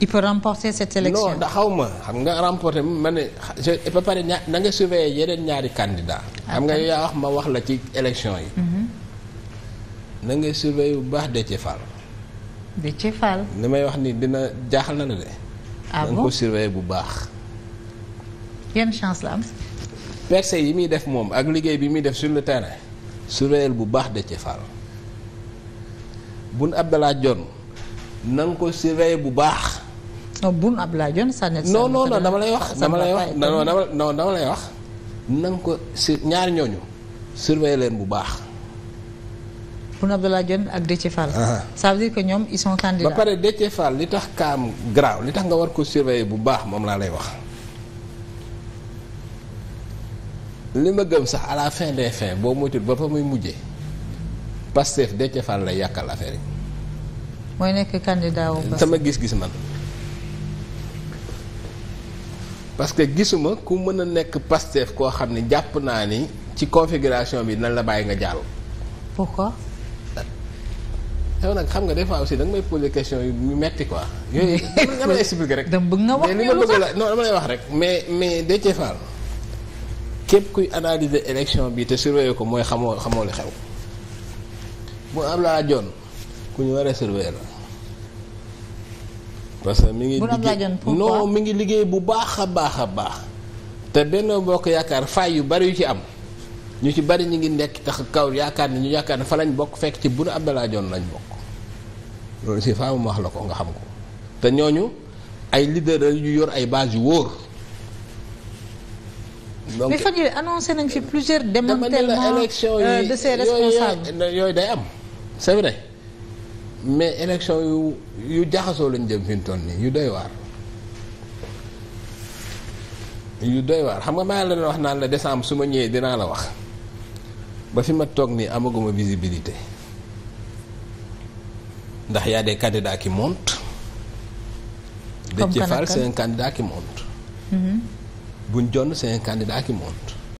il peut remporter cette élection non xaw ma xam nga remporter ma ne je ba pare na nga surveiller yeneen ñaari candidat xam nga ah, yaa wax ma wax la ci élection yi. Mhm. na nga surveiller bu baax Déthié Fall. Déthié may wax ni dina jaaxal na ah bu baax. yan yi muy def moom ak liggéey bi muy def sur le terrain. surveiller bu baax Déthié Fall. Boun Abdallah Dionne na nga ko surveiller bu baax. non Boun Abdallah Dionne Sané non non non dama lay wax dama lay wax non non dama lay wax na nga ko si ñaari ñooñu surveiller leen bu baax Boun Abdallah Dionne ak Déthié Fall ça veut dire que ñoom ils sont candidats ba pare Déthié Fall li tax kaam grave li tax nga war ko surveiller bu baax moom laa lay wax li ma gëm sax à la fin des fins boo moytuwul ba fa muy mujjee Pastef Déthié Fall lay yàqal affaire yi mooy nekk candidat wu sama gis-gis man parce que gisuma ku mën a nekk Pastef koo xam ne jàpp naa ni ci configuration bi nan la bàyyi nga jàll. pourquoi. yow nag xam nga des fois aussi da nga may poser question yu metti quoi. yooyu nga may rek. dama bëgg nga wax mais li ma bëgg lay wax rek. mais mais Déthié Fall képp kuy analyser élection bi te surveiller ko mooy xamoo xamoo li xew bu Abdoulaye Dione ku ñu war a surveiller la. parce que mi ngi liggéey non mi ngi liggéey bu baax a baax a baax te Benno Bokk Yaakaar faay yu bari yu ci am ñu ci bari ñu ngi nekk tax kaw yaakaar ne ñu yaakaar ne fa lañ bokk fekk ci bu bunu Abdalaa Joon lañ bokk loolu si mu wax la ko nga xam ko te ñoo ñu ay leader yu yor ay base yu wóor donc mais fan yooyu annoncé nañ fi plusieurs démantèlements euh, de ces responsables yooyu day am c'est mais élection yu yu jaxasoo lañ jëm fi mu nii yu doy waar yu doy waar xam nga maa la wax naan la décembre su ma ñëwee dinaa la wax ba fi ma toog nii amaguma visibilité ndax y de des candidats qui montent. comme Déthié Fall c'est un monte. Mm-hmm. Boun Dionne c'est un candidat monte.